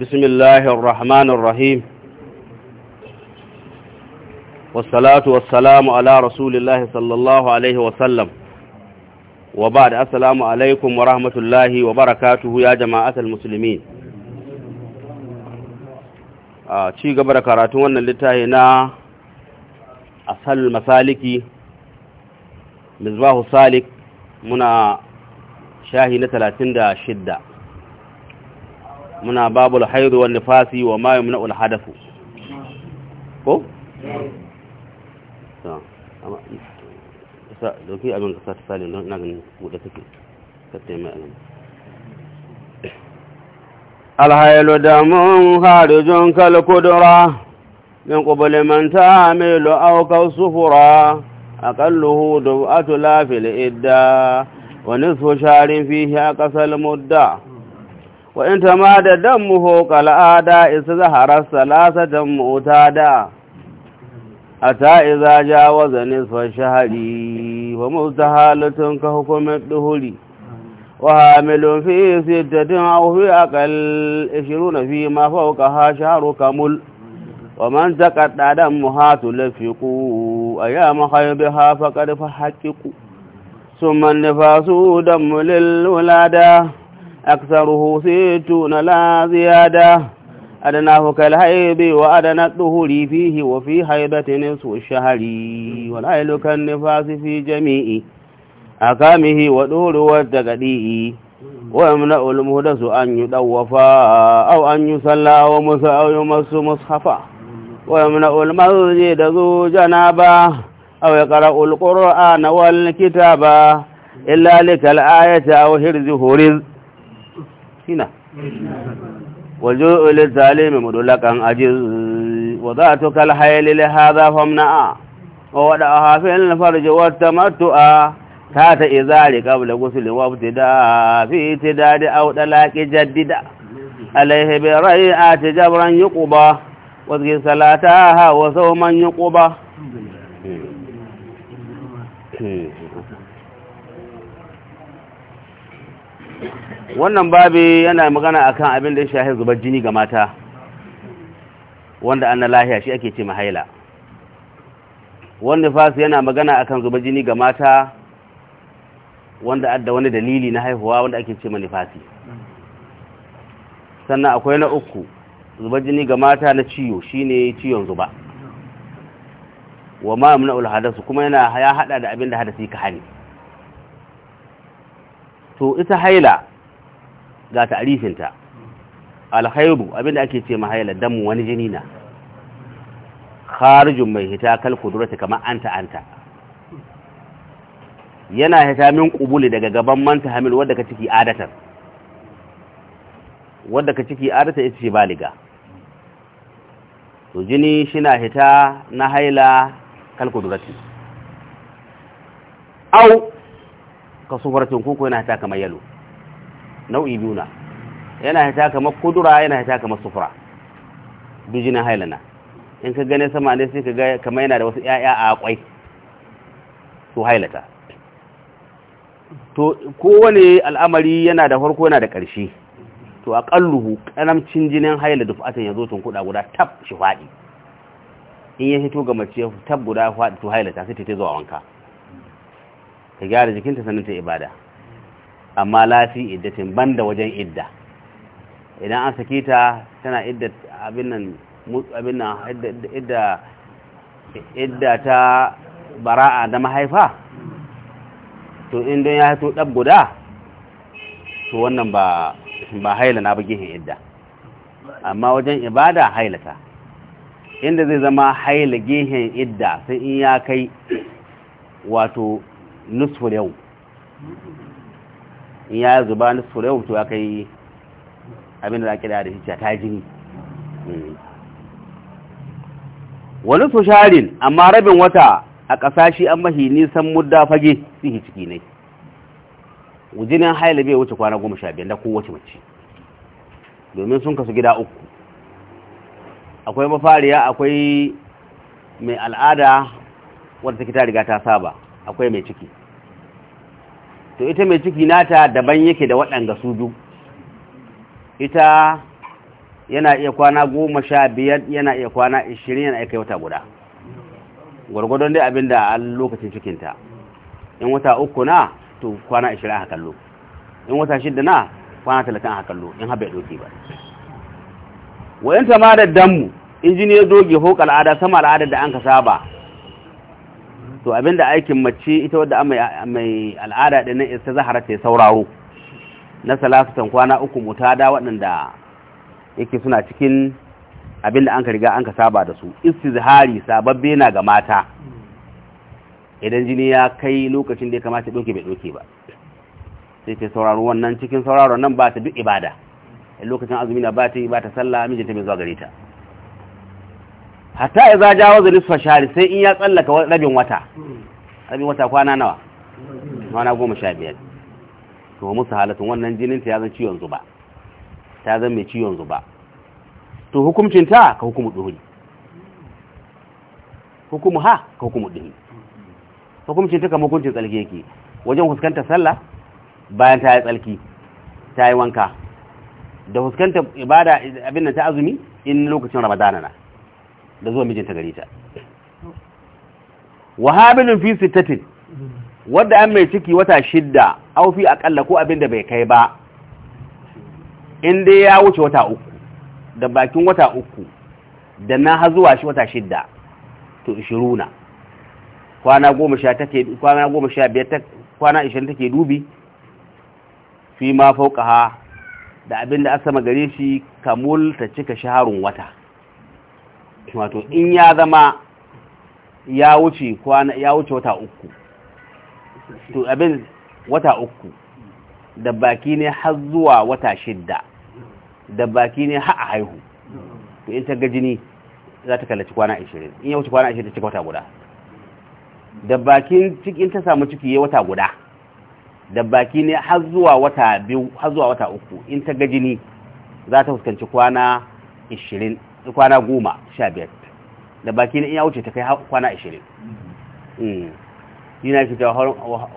بسم الله الرحمن الرحيم والصلاة والسلام على رسول الله صلى الله عليه وسلم وبعد السلام عليكم ورحمة الله وبركاته يا جماعة المسلمين ci gaba da karatun wannan littafi na asal masaliki mizbahu salik muna shahi na 36 muna babu haidu wal nifasi wa ma yumna'ul hadafu ko sa doki abin ka sa salin don ina ganin buɗe take kattai mai alamu alhailu damun harijin kalkudura min ƙubuli man ta milu aukar sufura aƙalluhu dub'atu lafil idda wani su sharin fihi a ƙasar mudda Kuɗin ta ma da dam mu hukal ada isa zahar sa latsa dam mu ta da. A ta'izajen wajen nufin shaɗi. Fa mu ta halittun ka hukumar ɗuɗu. Wa hami don fiye su ta cin hagu biyu a kai da fiye mu a bauka ha sharo kamur. Kwamitin ta karɗa dam mu ha tu lafiya ku. ma kayan guda faɗa na faɗa na hakika. Sun manni dam mu lallada. أكثره ستون لا زيادة أدناه كالهيب وأدنى الظهور فيه وفي هيبة نصف الشهر والعيل كالنفاس في جميع أكامه ودور والتقديء ويمنع المهدس أن يدوفا أو أن يسلى ومسى أو يمس مصحفا ويمنع المسجد ذو جنابا أو يقرأ القرآن والكتابا إلا لك الآية أو هرز هرز hina wajo ile zalimi mu dole kan aji wa za a tukal hayali le ha za famna a wa wada a hafin na farji wata matu'a ta ta izari kabla gusuli wa fi a a ha man wannan babi yana magana akan abin da ya shahi zubar jini ga mata wanda an na lahiya shi ake ce mahaila wanda fasu yana magana akan zubar jini ga mata wanda adda wani dalili na haihuwa wanda ake ce manifasi sannan akwai na uku zubar jini ga mata na ciyo shine ciyon zuba wa na ulhadarsu kuma yana ya hada da abin da hadasi ka hani to ita haila ga ta'rifinta alkhairu abinda ake ce mahaila damu wani jini na kharijun mai hita kal qudrati kamar anta anta yana hita min qubuli daga gaban manta hamil wadda ka ciki adatar wadda ka ciki adatar ita ce baliga to jini shina hita na haila kal qudrati au kasufaratin kuku yana hita kamar yalo nau'i biyu na yana hita kamar kudura yana hita kamar sufura dujinin hailana in ka gane sama ne sai ka ga kamar yana da wasu 'ya'ya a kwai su hailata to kowane al'amari yana da farko yana da ƙarshe to a ƙalluhu ƙaramcin jinin haila da fatan ya zo tun kuɗa guda tab shi faɗi in ya hito ga mace tab guda faɗi to hailata sai ta zuwa wanka ka gyara jikinta sannan ta ibada amma lafi iddatin banda wajen idda idan an saki ta tana idda abin nan abin nan idda idda ta bara'a da mahaifa to in don ya haito dab guda to wannan ba ba haila na bugihin idda amma wajen ibada hailata inda zai zama haila gehen idda sai in ya kai wato nusfur yau in ya zuba na fure to ya kai abin da ake da da hijja ta jini hmm. wani su sharin amma rabin wata a ƙasashe an mahi nisan mudda fage sihi ciki ne jinin haila bai wuce kwana goma sha biyar da kowace mace domin sun kasu gida uku akwai mafariya akwai mai al'ada wadda ta riga ta saba akwai mai ciki to ita mai ciki nata daban yake da waɗanda su ju ita yana iya kwana goma sha biyar yana iya kwana ishirin yana aika wata guda gwargwadon dai abin da a lokacin cikinta in wata uku na to kwana ishirin a kallo in wata shidda na kwana talatin a kallo in haɓe ɗoki ba wa'yanta ma da damu, injiniyar doge hok al'ada sama al'adar da an ka saba to abinda aikin mace ita wadda mai al'ada din na isa zahara ta sauraro na salafatan kwana uku mutada waɗanda yake suna cikin abinda an ka riga an ka saba da su istizhari sababbe na ga mata idan jini ya kai lokacin da ya kamata doke bai doke ba sai ta sauraro wannan cikin sauraron nan ba ta duk ibada lokacin azumi na ba ta yi ba ta sallah mijinta bai zuwa gare ta hatta ya za jawo zulis fashari sai in ya tsallaka rabin wata rabin wata kwana nawa kwana goma sha biyar to musu halatun wannan ta ya zan ciwon zuba ta zan mai ciwon zuba to hukumcin ta ka hukumu duhuri hukumu ha ka hukumu duhuri ta ka hukuncin tsalki yake wajen fuskanta sallah bayan ta yi tsalki ta yi wanka da fuskantar ibada abin da ta azumi in lokacin ramadana na da zuwa mijinta gare ta wahabinin fi sittatin wadda an mai ciki wata shidda au fi akalla ko abin da bai kai ba in dai ya wuce wata uku da bakin wata uku da na ha zuwa shi wata shidda to ishiruna kwana goma sha take kwana goma sha biyar ta kwana ta take dubi fi ma fauka da abin da asama gare shi kamul ta cika shaharun wata wato in ya zama ya wuce kwana ya wuce wata uku to abin wata uku da baki ne har zuwa wata shidda da baki ne har a haihu to in ta ga jini za ta kallaci kwana 20 in ya wuce kwana 20 ta cika wata guda da bakin cikin ta samu ciki ya wata guda da baki ne har zuwa wata biyu har zuwa wata uku in ta ga jini za ta fuskanci kwana 20 kwana goma sha biyar da baki na iya wuce ta kai kwana ashirin yana mm. shi ta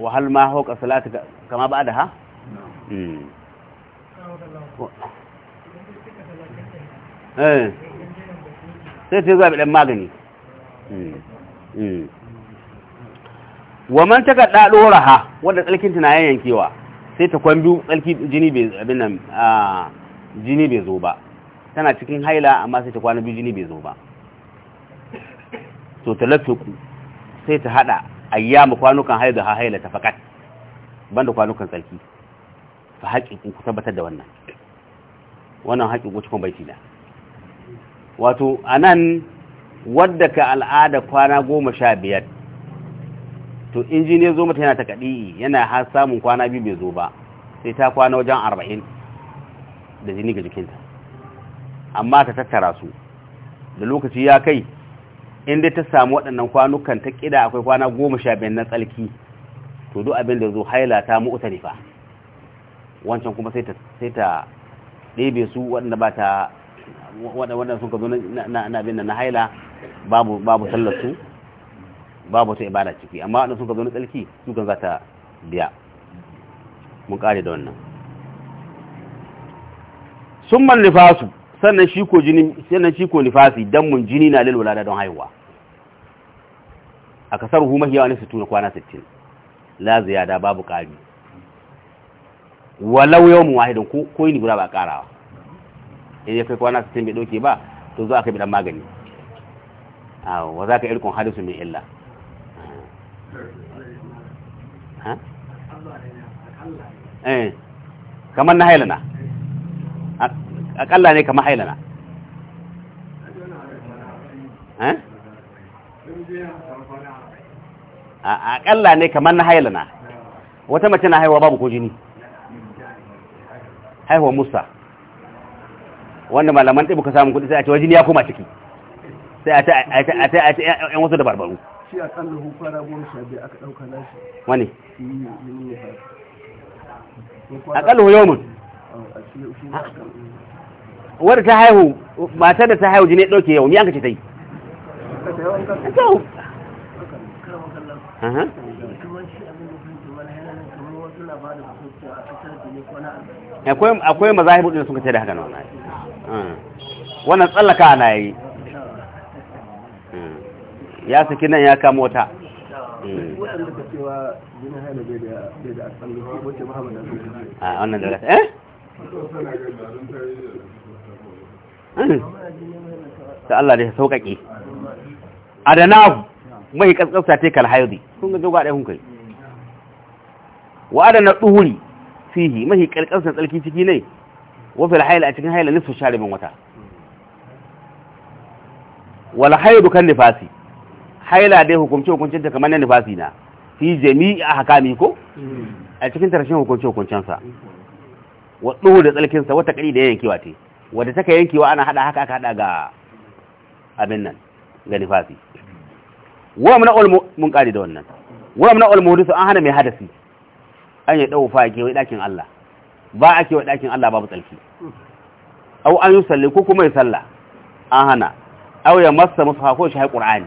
wahal ma hauka salatu kama ba da ha? Mm. Eh. sai ta zuwa biɗan magani mm. man ta kaɗa ɗora ha wadda tsalkin tunayen yankewa sai ta kwambi biyu tsalki ah, jini bai zo ba tana cikin haila amma sai ta kwana biyu jini bai zo ba to ku sai ta hada ayyama kwanukan haila ha haila ta fakat banda kwanukan tsarki fa haƙiƙin ku tabbatar da wannan wannan haƙiƙin ku cikin baiti da wato anan wadda ka al'ada kwana goma sha biyar to injiniya zo mata yana ta kaɗi yana har samun kwana biyu bai zo ba sai ta kwana wajen arba'in da jini ga jikinta amma ta tattara su da lokaci ya kai in dai ta samu waɗannan kwanukan ta ƙida akwai kwana goma sha biyar na tsalki to duk abin da zo haila ta uta nifa wancan kuma sai ta sai ta ɗebe su waɗanda ba ta waɗanda sun ka zo na abin da na haila babu babu sallar su babu ta ibada ciki amma waɗanda sun ka zo na tsalki su kan za ta biya mun ƙare da wannan sun man nifasu sannan shi ko jini sannan shi ko nifasi damun jini na lil walada don haihuwa saru huma hiya wani sutu kwana 60 la ziyada babu kari walau yawmun wahidin ko ko ni guda ba karawa idan kai kwana 60 bai doke ba to zo aka bi dan magani ah wa zaka irkun hadisu min illa ha eh kamar na hailana akalla ne kamar hailana a akalla ne kamar na hailana wata mace na haihuwa babu ko jini haihuwa musa wanda malaman ɗai buka samun kuɗi sai a ce wajini ya koma ciki sai a ce a ce ‘yan wasu da shi a kan ruhu fara goma sha biyu aka ɗauka nashi wani a kan ruhu mun wadda ta haihu matar da ta haihu jini ɗauke yau ni an kace ta yi akwai mazahibu ɗin sun kace da haka na wannan hmm. wannan tsallaka na yi hmm. ya saki nan ya kama wata hmm. a ah, wannan da eh ta Allah da ya sauƙaƙe adanahu mai kaskasta ta kal haidi kun ga gaba da hun kai wa adana duhuri fihi mai karkasta tsalki ciki ne wa fil hayl a cikin hayl nisfu sharibin wata wal haidu kan nifasi haila dai hukunci hukuncin ta kamar nifasi na fi jami'i hakami ko a cikin tarashin hukunci hukuncin sa wa duhu da tsalkin sa wata ƙari da yankewa te wadda take yankewa ana hada haka aka hada ga abin nan ga nifasi wa mun ulmu mun kare da wannan wa mun ulmu hudu an hana mai hadasi an ya dau fake wai dakin Allah ba ake wai dakin Allah babu tsalki au an yusalli ko kuma ya salla an hana au ya masa mushafa ko shi qur'ani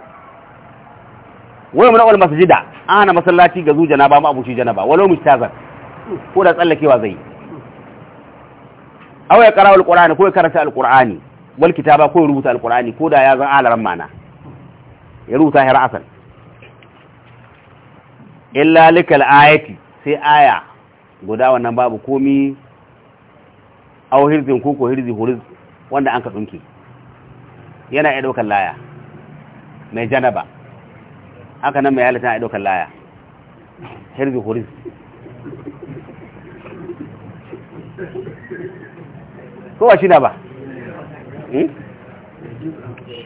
wa mun ul masjida an hana masallaci ga zu ba ma abuci janaba walau mustazan ko da tsallakewa zai yi. awa ya qara alqur'ani ko ya karanta alqur'ani wal kitaba ko ya rubuta alqur'ani ko da ya zan alaran mana ya rubuta hira asal illa likal ayati sai aya guda wannan babu komi aw hirzin ko ko hirzi huriz wanda an ka dunke yana ya daukar laya mai janaba haka nan mai halitta ya daukar laya hirzi huriz ko ba shida ba hmm?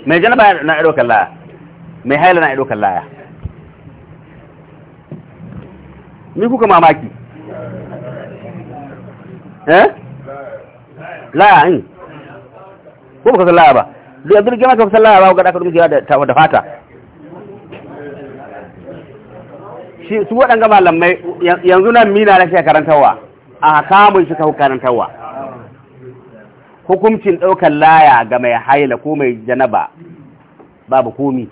mai janaba na kan laya mai haila na kan laya ni kuka mamaki eh laya in hmm? ko ba ka san laya ba duk yanzu gama ka san laya ba ga ɗaka dumkiya da fata su waɗanga malamai yanzu nan mina na shekarantarwa a kamun shi ka karantarwa hukuncin ɗaukar laya ga mai haila ko mai janaba babu komi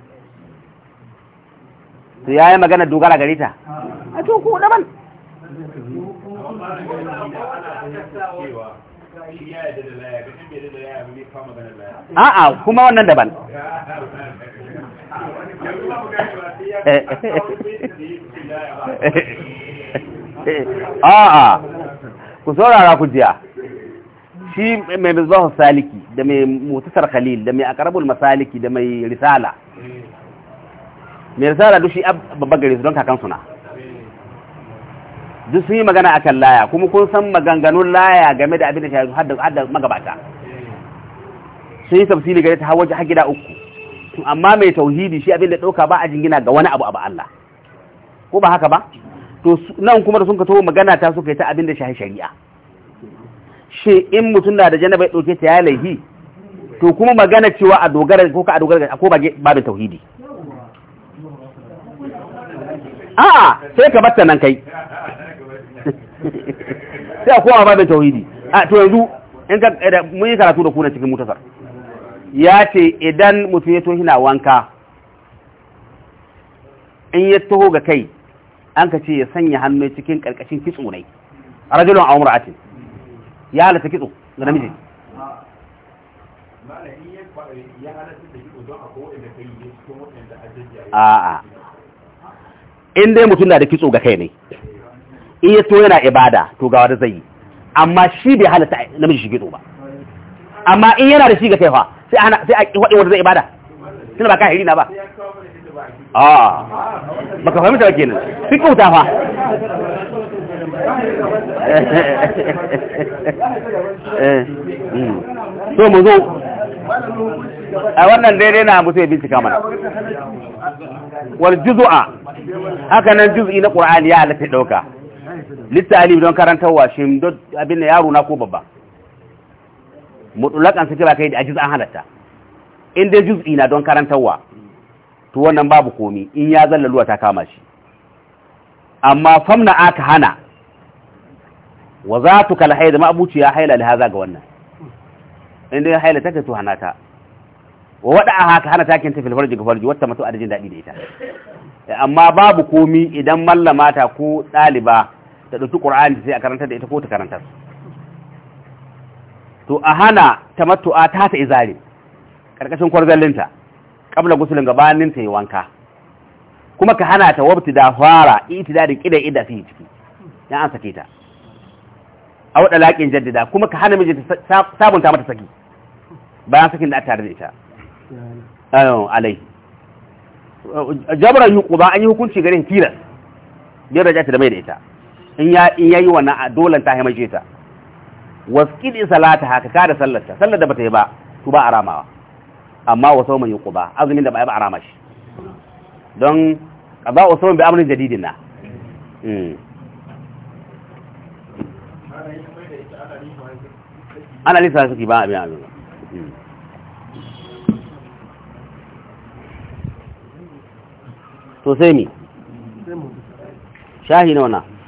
to yayi magana dogara gare ta a to ku a a'a kuma wannan daban a'a ku saurara ku jiya shi mai mizahu saliki da mai mutasar khalil da mai akarabul masaliki da mai risala mai risala duk shi babban gare su don kakan suna duk sun yi magana a kan laya kuma kun san maganganun laya game da abin da shahararru har da magabata sun yi tafsiri gare ta hawa jihar gida uku amma mai tauhidi shi abin da ɗauka ba a jingina ga wani abu a Allah ko ba haka ba to nan kuma da sun ka to magana ta suka yi ta abin da shahararru shari'a shi in mutum na da janaba ya ɗauke ta ya laihi to kuma magana cewa a dogara ko ka a dogara ko ba babin tauhidi a'a sai ka batta nan kai sai a ba babin tauhidi a to yanzu in ka eh, mun yi karatu da kuna cikin mutasar ya ce idan mutum ya tohi na wanka in ya taho ga kai an ka ce ya sanya hannu cikin karkashin kitsunai rajulun a ya halatta kitso ga namiji a'a in dai mutum na da kitso ga kai ne in ya yana ibada to ga da zai yi amma shi bai halatta namiji shi kitso ba amma in yana da shi ga kai fa sai a kiwaɗe wanda zai ibada tunda ba kahiri na ba a baka fahimta ba kenan fi kyauta fa so mu zo a wannan daidai na abu ya bincika mana wal juzu'a haka nan juz'i na ƙura'ani ya halatta dauka littali don karantarwa shi abinda abin da yaro na ko babba mutulakan suke ba kai da ajiyar an halatta in dai juz'i na don karantarwa to wannan babu komi in ya zalla luwa ta kama shi amma famna aka hana wa za tu kal haida ma abuci ya haila da haza ga wannan inda ya haila take to hana ta wa wada a haka hana takin tafi farji ga farji wata mutu adajin dadi da ita amma babu komi idan mallama ta ko daliba ta dauki qur'ani sai a karanta da ita ko ta karanta to a hana ta tamattu'a ta ta izari karkashin kwarzallinta kabla gusulin gabanin ta yi wanka kuma ka hana ta wabti da fara itida da kida fi ciki ya an sake ta a wada laƙin jaddada kuma ka hana mijinta sabunta mata saki bayan sakin da a tare da ita alai jabran yuku ba an yi hukunci garin tilas biyar da jata da mai da ita in ya in yayi wannan a dolan ta haimace ta wasqid salata haka ka da sallarta sallar da bata yi ba to ba aramawa amma wa mai yuku ba azumin da ba yi ba arama shi don qada wa sawman bi amrin jadidin na hmm. ana lissa suke ba abin abin to sai mi shahi na wana